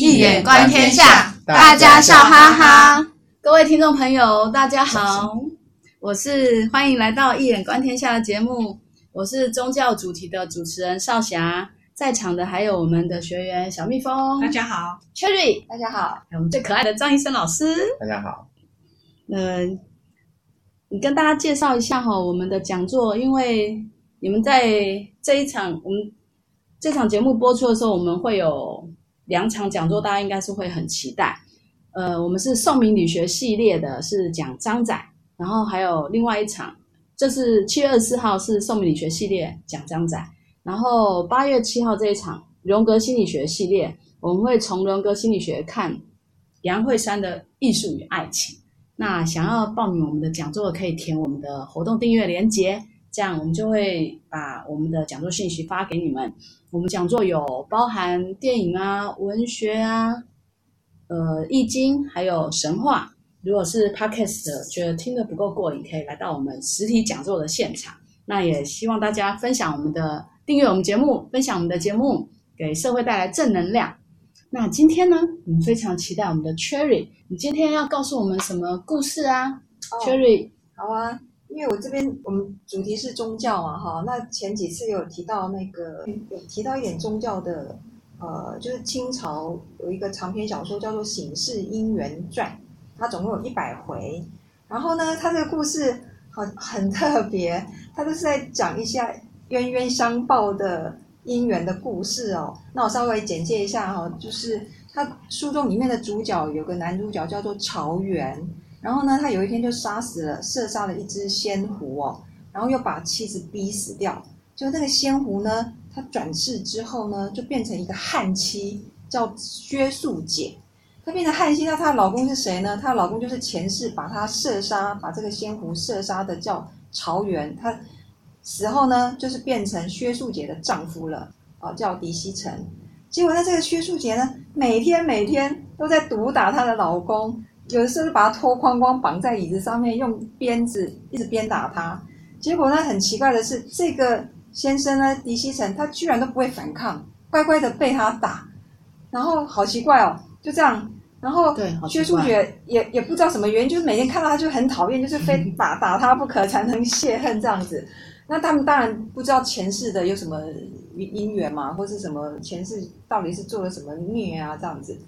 易眼,易眼觀天下，大家笑哈哈。各位聽眾朋友，大家好，我是歡迎來到《易眼觀天下》的節目，我是宗教主題的主持人少霞，在場的還有我們的學員小蜜蜂，大家好，Cherry，大家好，我們最可愛的張醫生老師，大家好。嗯、呃，你跟大家介紹一下哈，我們的講座，因為你們在這一場我們、嗯、這場節目播出的時候，我們會有。兩場講座大家應該是會很期待，呃，我們是宋明理學系列的，是講張載，然後還有另外一場，這是七月二十四號是宋明理學系列講張載，然後八月七號這一場榮格心理學系列，我們會從榮格心理學看楊惠珊的藝術與愛情。那想要報名我們的講座，可以填我們的活動訂閱鏈接。這樣，我們就會把我們的講座信息發給你們。我們講座有包含電影啊、文學啊、呃《易經》，還有神話。如果是 Podcast，者覺得聽得不夠過癮，你可以來到我們實體講座的現場。那也希望大家分享我們的訂閱，我們節目，分享我們的節目，給社會帶來正能量。那今天呢，我們非常期待我們的 Cherry，你今天要告訴我們什麼故事啊？Oh,Cherry，好啊。因為我這邊我們主題是宗教啊，哈，那前幾次有提到那個有提到一點宗教的，呃，就是清朝有一個長篇小說叫做《醒世姻緣傳》，它總共有一百回，然後呢，它這個故事很很特別，它都是在講一下冤冤相報的姻緣的故事哦。那我稍微簡介一下哈、哦，就是它書中裡面的主角有個男主角叫做晁源。然後呢，他有一天就殺死了，射殺了一隻仙狐哦，然後又把妻子逼死掉。就那個仙狐呢，他轉世之後呢，就變成一個悍妻，叫薛素姐。她變成悍妻，那她的老公是誰呢？她的老公就是前世把她射殺，把這個仙狐射殺的叫晁源。他死後呢，就是變成薛素姐的丈夫了，啊、哦，叫狄希陳。結果呢，這個薛素姐呢，每天每天都在毒打她的老公。有的時候把他脫光光綁在椅子上面，用鞭子一直鞭打他。結果呢，很奇怪的是，這個先生呢，狄希陳，他居然都不會反抗，乖乖的被他打。然後好奇怪哦，就這樣。然後薛書雪也也，對，好奇怪，也不知道什麼原因，就是每天看到他就很討厭，就是非打打他不可，才能泄恨這樣子。那他們當然不知道前世的有什麼因緣嘛，或是什麼前世到底是做了什麼孽啊這樣子。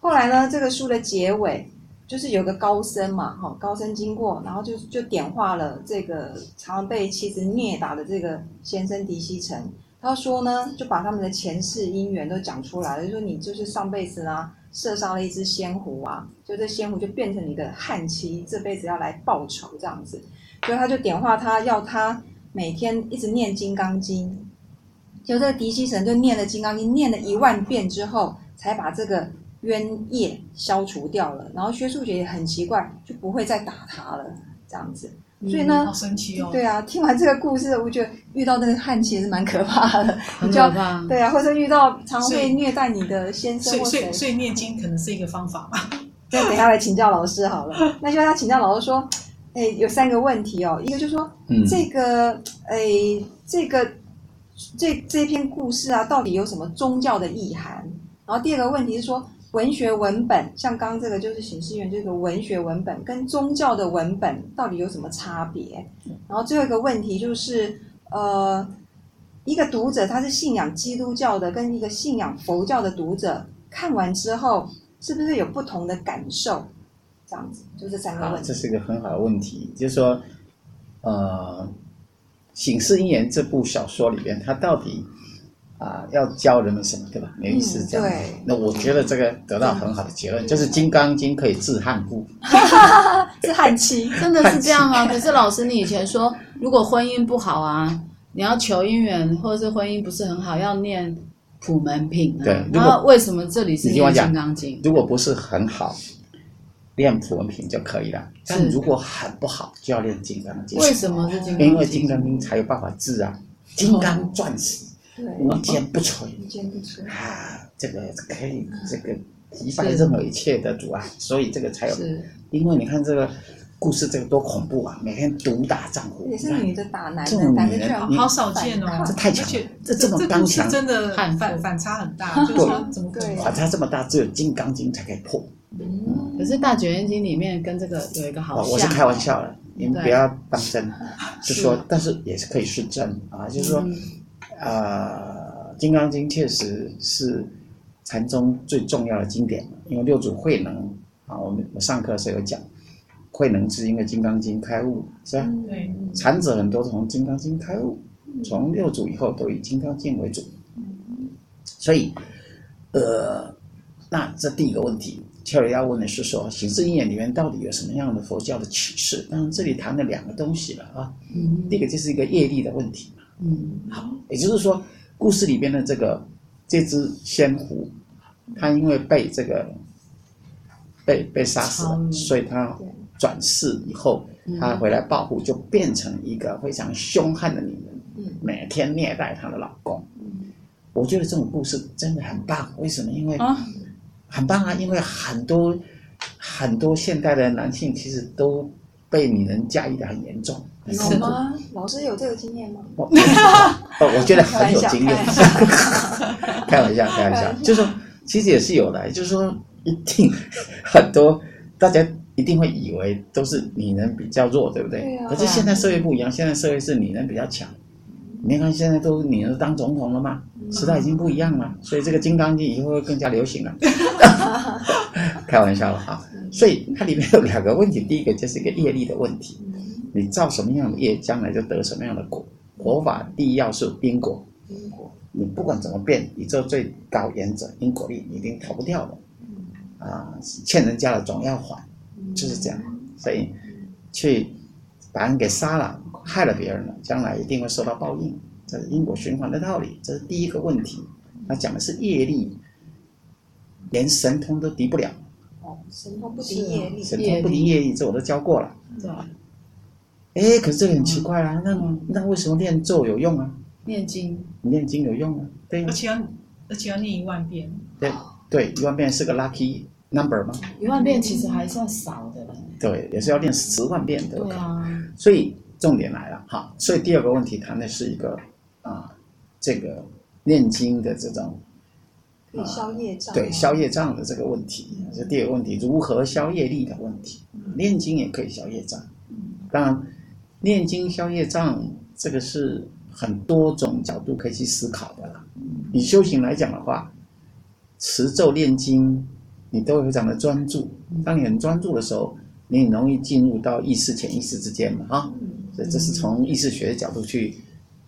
後來呢，這個書的結尾。就是有個高僧嘛，哈，高僧經過，然後就就點化了這個常被妻子虐打的這個先生狄希陳。他說呢，就把他們的前世姻緣都講出來了，就說、是、你就是上輩子啊射殺了一隻仙狐啊，就這仙狐就變成你的悍妻，這輩子要來報仇這樣子。所以他就點化他，要他每天一直念金剛經。就這個狄希陳就念了金剛經，念了一萬遍之後，才把這個。冤業消除掉了，然後薛素姐也很奇怪，就不會再打他了，這樣子。嗯、所以呢、嗯、好神奇哦！對啊，聽完這個故事，我覺得遇到那個悍妻是蠻可怕的，很可怕。對啊，或者遇到常會虐待你的先生或婆婆，所以念經可能是一個方法。再 等下來請教老師好了，那就要請教老師說，哎，有三個問題哦。一個就是說，這個哎，這個這個、這，這篇故事啊，到底有什麼宗教的意涵？然後第二個問題是說。文學文本像剛剛這個就是《醒世姻緣》這個文學文本，跟宗教的文本到底有什麼差別？然後最後一個問題就是，呃，一個讀者他是信仰基督教的，跟一個信仰佛教的讀者看完之後，是不是有不同的感受？這樣子，就這三個問題。啊，這是一個很好的問題，就是說，呃，《醒世姻緣》這部小說裡邊，它到底。啊、呃，要教人們什麼，對吧？沒意思這樣、嗯對，那我覺得這個得到很好的結論，就是《金剛經》可以治悍婦哈治悍妻」 很奇。 真的是這樣啊！ 可是老師，你以前說，如果婚姻不好啊，你要求姻緣，或者是婚姻不是很好，要念普門品、啊。對，那為什麼這裡是金剛經？如果不是很好，念普門品就可以了。但是，是如果很不好，就要念金剛經。為什麼是金剛經？因為金剛經、哦、才有辦法治啊，金剛鑽石。無堅不摧，啊，這個可以，這個擊敗任何一切的阻礙，所以這個才有。因為你看這個故事，這個多恐怖啊！嗯、每天毒打丈夫，也是女的打男的，這種女人好少見哦。這太強。這這，這，這，這，這，這當真的反，反差很大呵呵、就是說怎麼。反差這麼大，只有《金剛經》才可以破。 嗯、可是《大覺經》裡面跟這個有一個好、哦。我是開玩笑的，你們不要當真，就說是，但是也是可以順正、啊、是真啊，就是說。嗯嗯啊、呃，《金剛經》確實是禪宗最重要的經典，因為六祖慧能啊，我們上課的時候有講，慧能是因為《金剛經》開悟，是吧？嗯、對。嗯、禪者很多從《金剛經》開悟，從六祖以後都以《金剛經》為主、嗯。所以，呃，那這第一個問題，這裡要問的是說，《醒世姻緣》裡面到底有什麼樣的佛教的啟示？當然，這裡談了兩個東西了啊、嗯，第一個就是一個業力的問題。嗯，好。也就是說，故事裡邊的這個這隻仙狐，它因為被這個被被殺死了，所以它轉世以後，它、嗯、回來報復，就變成一個非常兇悍的女人，嗯、每天虐待她的老公、嗯。我覺得這種故事真的很棒，為什麼？因為，哦、很棒啊！因為很多很多現代的男性其實都。被女人駕馭的很嚴重，是嗎？老師有這個經驗嗎？不、 哦，我覺得很有經驗。 開玩笑，開玩笑，就是說其實也是有的，就是說一定很多，大家一定會以為都是女人比較弱，對不對？對啊。可是現在社會不一樣，現在社會是女人比較強。你看現在都你兒子當總統了嗎？時代已經不一樣了，嗯、所以這個金剛經以後會更加流行了。 開玩笑了哈、嗯！所以它裡面有兩個問題，第一個就是一個業力的問題，你造什麼樣的業，將來就得什麼樣的果。佛法第一要素因果、嗯，你不管怎麼變，宇宙最高原則因果力，你一定逃不掉了。啊、嗯呃，欠人家的總要還，就是這樣，嗯、所以去。把人給殺了，害了別人了，將來一定會受到報應。這是因果循環的道理，這是第一個問題。他講的是業力，連神通都抵不了。哦，神通不抵業力。神通不抵業，業力，這我都教過了。對啊。哎，可是這個很奇怪啊，那麼那為什麼念咒有用啊？念經。你念經有用啊？對。而且要，而且要念一萬遍。對，對，一萬遍是個 lucky number 嗎？一萬遍其實還算少的。對，也是要念十萬遍的。對，對啊。所以重點來了，好，所以第二個問題談的是一個啊，這個念經的這種，對、啊、消業障，對消業障的這個問題，這、嗯就是、第二個問題如何消業力的問題，念經也可以消業障。嗯、當然，念經消業障這個是很多種角度可以去思考的了。你、嗯、修行來講的話，持咒念經，你都會非常的專注。當你很專注的時候。你很容易進入到意識、潛意識之間嘛？哈、啊、這這是從意識學的角度去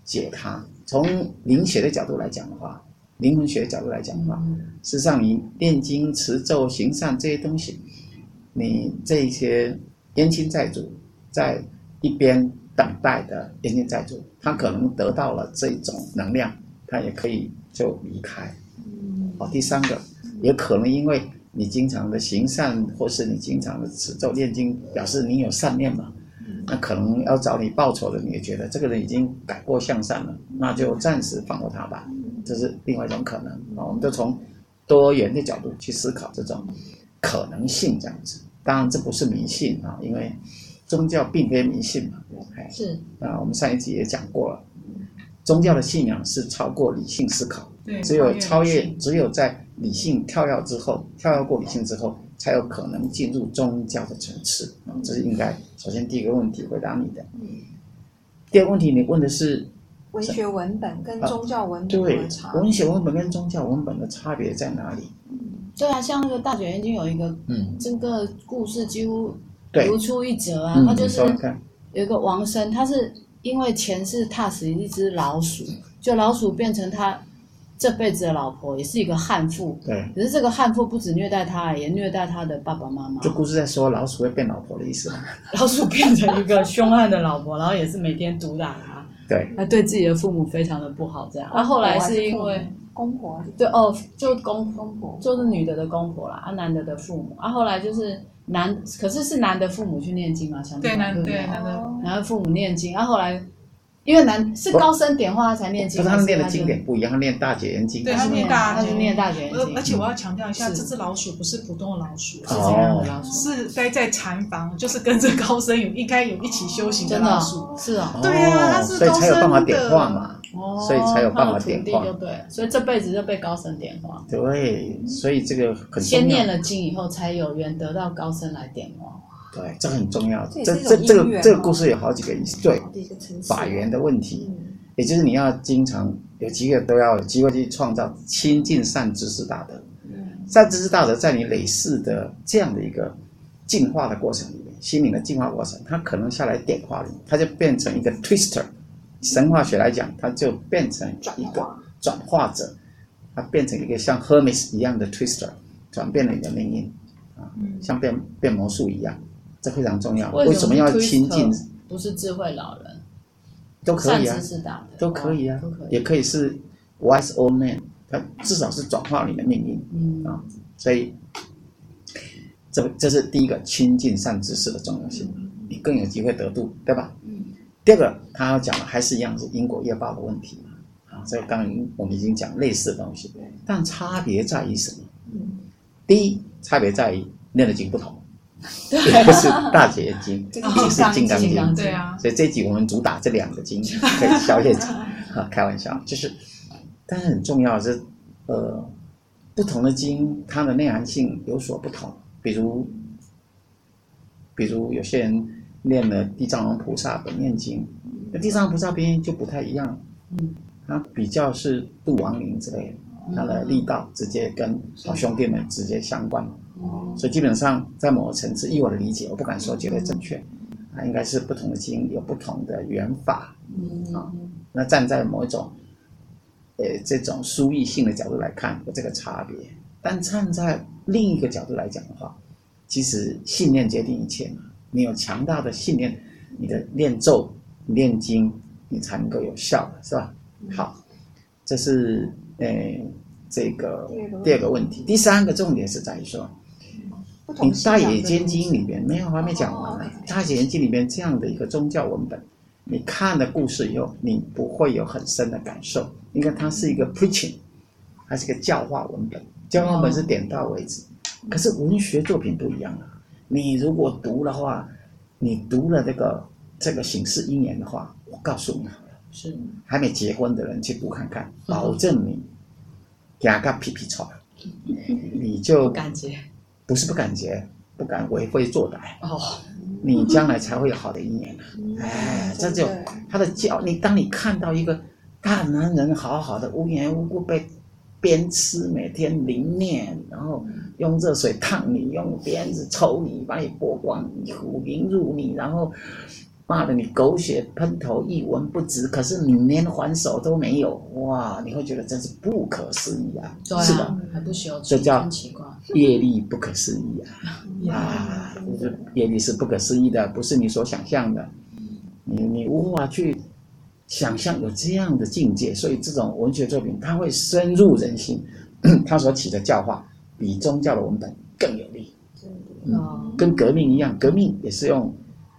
解它。從靈學的角度來講的話，靈魂學的角度來講的話，事實上，你念經、持咒、行善這些東西，你這些冤親債主，在一邊等待的冤親債主，他可能得到了這種能量，他也可以就離開。哦，第三個，也可能因為。你經常的行善，或是你經常的持咒念經，表示你有善念嘛？那可能要找你報仇的，你也覺得這個人已經改過向善了，那就暫時放過他吧。這是另外一種可能。我們就從多元的角度去思考這種可能性，這樣子。當然，這不是迷信啊，因為宗教並非迷信嘛。是啊，我們上一集也講過了。宗教的信仰是超過理性思考，只有超越，只有在理性跳躍之後，跳躍過理性之後，才有可能進入宗教的層次。嗯、這是應該首先第一個問題回答你的。嗯、第二問題，你問的是文學文本跟宗教文本、啊、對，文學文本跟宗教文本的差別在哪裡？嗯、對啊，像那個《大卷煙經》有一個，嗯，整、這個故事幾乎如出一轍啊，它就是有一個王生、嗯，他是。因為前世踏死一隻老鼠，就老鼠變成他這輩子的老婆，也是一個悍婦。對，可只是這個悍婦不止虐待他，也虐待他的爸爸媽媽。就故事在說老鼠會變老婆的意思。老鼠變成一個凶悍的老婆， 然後也是每天毒打他。對。那對自己的父母非常的不好，這樣。啊、後來是因為是公婆。對，哦，就是、公公婆，就是女的的公婆啦，啊，男的，的的父母，然、啊、後來就是。男，可是是男的父母去念經嘛？全男都對、哦、對，男的，然後父母念經，然、啊、後後來，因為男是高僧點化才念經。不是，他們念的經典不一樣，他念大解恩經。對，他念大解，他就念大解恩經。而而且我要強調一下，這只老鼠不是普通的老鼠，哦、是怎樣的老鼠？是待在禪房，就是跟着高僧有應該有一起修行的老鼠，哦真的哦、是啊、哦哦，對啊，它是高僧點化嘛。哦、所以才有辦法點化，對，所以這輩子就被高僧點化。對，所以這個很重要。先念了經以後，才有緣得到高僧來點化。對，這很重要。這這這，這個這個故事有好幾個意思，對，對法緣的問題、嗯，也就是你要經常有幾個都要有機會去創造親近善知識大德、嗯。善知識大德在你累世的這樣的一個進化的過程裡面，心靈的進化過程，它可能下來點化你，它就變成一個 twister。嗯神話學來講，它就變成一個轉化者，它變成一個像 Hermes 一樣的 Twister，轉變了你的命運，啊，像變變魔術一樣，這非常重要為，為什麼要親近？不是智慧老人，都可以啊，都可以啊，啊都可以，也可以是 Wise Old Man，他至少是轉化你的命運，嗯、啊，所以這這是第一個親近善知識的重要性、嗯，你更有機會得度，對吧？第二個，他要講的還是一樣是因果業報的問題啊，所以剛剛我們已經講類似的東西，但差別在於什麼？嗯，第一差別在於念的經不同，對啊、也不是大劫經，啊、是金剛經。對啊，所以這集我們主打這兩個經可以消業哈， 開玩笑，就是，但是很重要的是，呃，不同的經它的內涵性有所不同，比如，比如有些人。念了地藏王菩薩本念經，那地藏王菩薩經就不太一樣，它比較是度亡靈之類的，他的力道直接跟好兄弟們直接相關，所以基本上在某個層次，以我的理解，我不敢說絕對正確，啊，應該是不同的經有不同的緣法。嗯，啊，那站在某一種，呃，這種殊異性的角度來看，有這個差別，但站在另一個角度來講的話，其實信念決定一切嘛。你有強大的信念，你的念咒、念經，你才能夠有效，是吧？好，這是呃這個第二個，第二個問題。第三個重點是在於說，啊你《大野間經》裡面、這個，沒有，我還沒講完呢、啊，哦 okay《大野間經》裡面這樣的一個宗教文本，你看的故事以後，你不會有很深的感受，因為它是一個 preaching，還是一個教化文本，教化文本是點到為止、嗯，可是文學作品不一樣啊。你如果讀的話，你讀了這個這個醒世姻緣的話，我告訴你好了，是還沒結婚的人去讀看看，嗯、保證你雅膏皮皮剉，你就不感覺，不是不感覺，嗯、不敢為非作歹，哦，你將來才會有好的姻緣、嗯、哎、嗯，這就對對他的教，你當你看到一個大男人好好的無緣無故被。鞭笞，每天凌虐然後用熱水燙你，用鞭子抽你，把你剝光你，凌辱凌入你，然後罵得你狗血噴頭，一文不值。可是你連還手都沒有，哇！你會覺得真是不可思議啊！啊是的，還不需要，這叫業力不可思議啊！ 啊，業力是不可思議的，不是你所想象的，你你無法去。想象有這樣的境界，所以這種文學作品它會深入人心，它所起的教化比宗教的文本更有力，嗯。跟革命一樣，革命也是用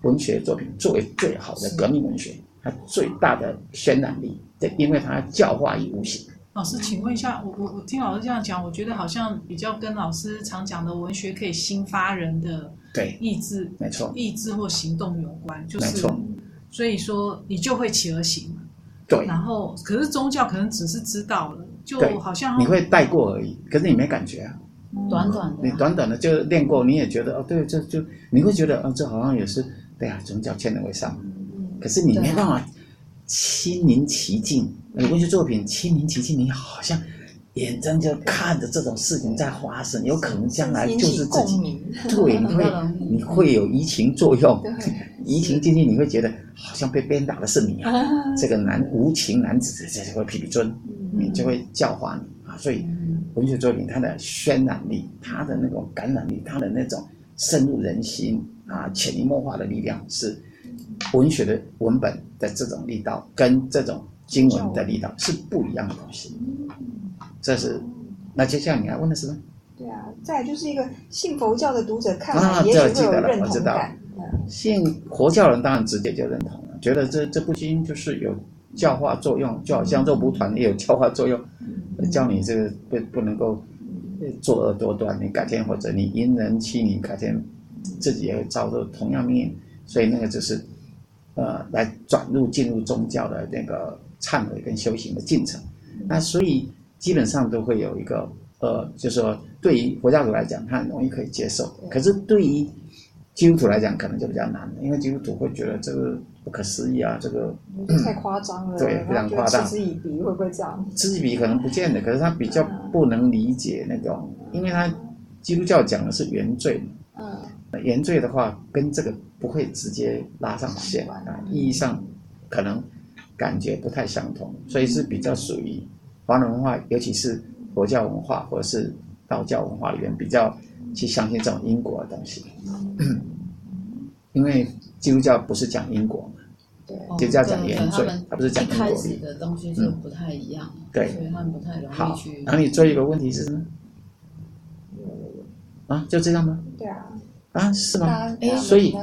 文學作品作為最好的革命文學，它最大的渲染力。對，因為它教化於無形。老師，請問一下，我我我聽老師這樣講，我覺得好像比較跟老師常講的文學可以興發人的對意志對，沒錯，意志或行動有關，就是。所以說你就會起而行嘛，對。然後可是宗教可能只是知道了，就好像你會帶過而已，可是你沒感覺啊。嗯、短短的、啊，你短短的就練過，你也覺得哦，對，這就你會覺得哦，這好像也是對啊。宗教千人為上。可是你沒辦法、啊、親臨其境，你文學作品親臨其境，你好像眼睜睜看着這種事情在發生，有可能將來就是自己。對，你會、嗯、你會有移情作用。對。對移情進去，你會覺得好像被鞭打的是你啊！啊這個男無情男子，這就會皮皮尊，你、嗯、就會教化你啊！所以，文學作品它的渲染力、它的那種感染力、它的那種深入人心啊、潛移默化的力量，是文學的文本的這種力道跟這種經文的力道是不一樣的東西。這是，那接下來你還問的是嗎？對啊，再來就是一個信佛教的讀者看也、啊、這也記得了，我知道、嗯。信佛教人當然直接就認同了，覺得這這部經，就是有教化作用，就好像肉蒲團也有教化作用，嗯呃、教你這個不不能夠作惡多端，你改天或者你因人欺你，改天自己也會遭受同樣命運。所以那個就是，呃，來轉入進入宗教的那個懺悔跟修行的進程、嗯。那所以基本上都會有一個，呃，就是說。對於佛教徒來講，他很容易可以接受；可是對於基督徒來講，可能就比較難，因為基督徒會覺得這個不可思議啊，這個、嗯嗯、太誇張了，對，非常誇張。嗤之以鼻會不會這樣？嗤之以鼻可能不見得、嗯，可是他比較不能理解那種，嗯，因為他基督教講的是原罪嗯，原罪的話跟這個不會直接拉上線啊、嗯，意義上可能感覺不太相同，所以是比較屬於華人文化，尤其是佛教文化，或者是。道教文化裡面比較去相信這種因果的東西， 因為基督教不是講因果嘛？對，基督教講原罪，而不是講因果。的東西就不太一樣，嗯、對，好，以不太然後你最後一個問題是？啊，就這樣嗎？對啊。啊，是嗎？所以。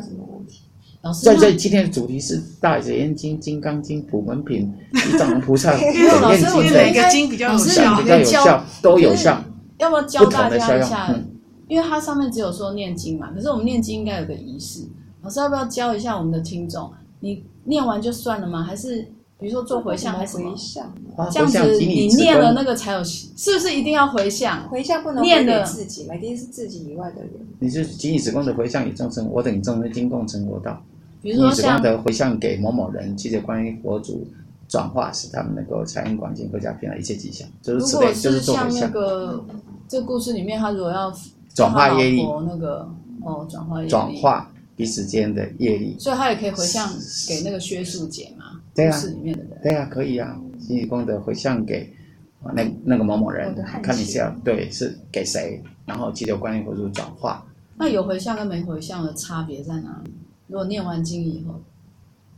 在這今天的主題是《大圓經》《金剛經》《普門品》地藏王菩薩，各種念經，哪個經比較、嗯嗯、比較有效？都有效。就是要不要教大家一下、嗯？因為它上面只有說念經嘛，可是我們念經應該有個儀式。老師要不要教一下我們的聽眾？你念完就算了嗎？還是比如說做回向還是什麼？回向、嗯。這樣子你念了那個才有，是不是一定要回向？回向不能念給自己，一定是自己以外的人。你是謹以此功德回向給眾生，我等眾生皆共成佛道。比如說像的回向給某某人，其實關於佛祖轉化，使他們能夠財源廣進、國家平安、一切吉祥，就是此類如果是像、那個，就是做回向。嗯這故事裡面，他如果要、那個、轉化業力，那個哦，轉化業力，轉化彼此間的業力，所以他也可以回向給那個薛素姐嘛、啊？故事裡面的人，對呀、啊，可以啊，心理功德回向給，那那個某某人，哦、看你是要對是給誰，然後積累觀音菩薩轉化。那有回向跟沒回向的差別在哪裡？如果念完經以後，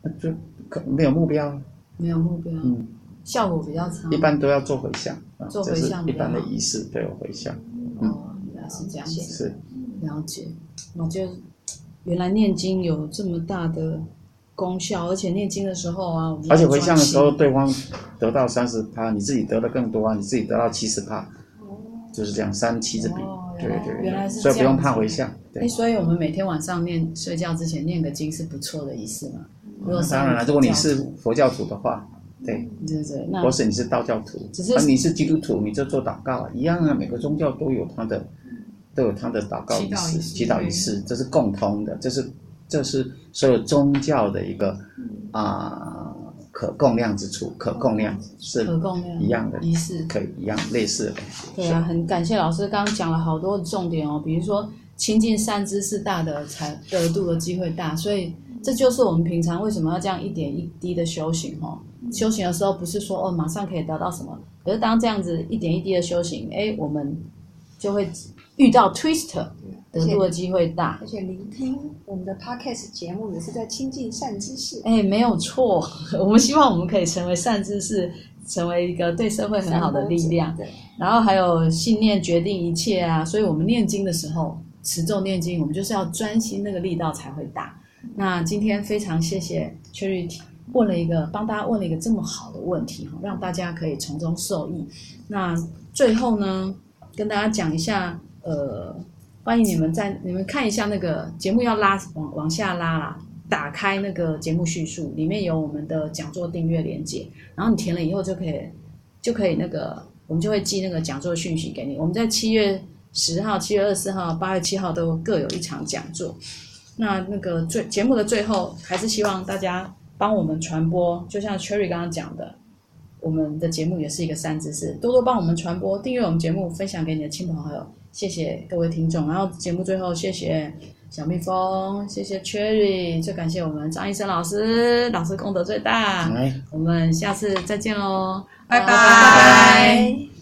那就可沒有目標，沒有目標，嗯。效果比較差。一般都要做回向、啊，做回向。就是、一般的儀式都有回向、嗯。哦，原來是這樣子。是，了解。我覺得。原來念經有這麼大的功效，而且念經的時候啊，而且回向的時候，對方得到三十趴，你自己得的更多啊，你自己得到七十趴，就是這樣三七之比，哦、對對原來是這樣。所以不用怕回向。哎、嗯，所以我們每天晚上念睡覺之前念個經是不錯的儀式嘛、嗯嗯。當然了，如果你是佛教徒的話。對，對，對那，或是，你是道教徒，只是、啊。你是基督徒，你就做禱告，一樣啊。每個宗教都有它的，都有它的禱告儀式，祈禱儀式，這是共通的，這是這是所有宗教的一個啊、呃、可共量之處，可共量是，一樣的儀式可，可以一樣類似的。對啊，很感謝老師剛剛講了好多的重點哦，比如說親近善知識大的才，得度的機會大，所以。這就是我們平常為什麼要這樣一點一滴的修行哈、哦。修、嗯、行的時候不是說哦馬上可以得到什麼，可是當這樣子一點一滴的修行，哎、嗯，我們就會遇到 twist，、啊、得度的機會大而。而且聆聽我們的 Podcast 節目也是在親近善知識。哎，沒有錯， 我們希望我們可以成為善知識，成為一個對社會很好的力量。對。然後還有信念決定一切啊，所以我們念經的時候持咒念經，我們就是要專心，那個力道才會大。那今天非常謝謝 Cherry 問了一個幫大家問了一個這麼好的問題哈，讓大家可以從中受益。那最後呢，跟大家講一下，呃，歡迎你們，在你們看一下那個節目，要拉往往下拉啦，打開那個節目敘述，裡面有我們的講座訂閱鏈接，然後你填了以後就可以，就可以那個，我們就會寄那個講座訊息給你。我們在七月十號、七月二十四號、八月七號都各有一場講座。那那個最節目的最後，還是希望大家幫我們傳播，就像 Cherry 剛剛講的，我們的節目也是一個善知識，多多幫我們傳播，訂閱我們節目，分享給你的親朋好友，謝謝各位聽眾。然後節目最後，謝謝小蜜蜂，謝謝 Cherry，最感謝我們張醫生老師，老師功德最大，我們下次再見嘍，拜拜。拜拜。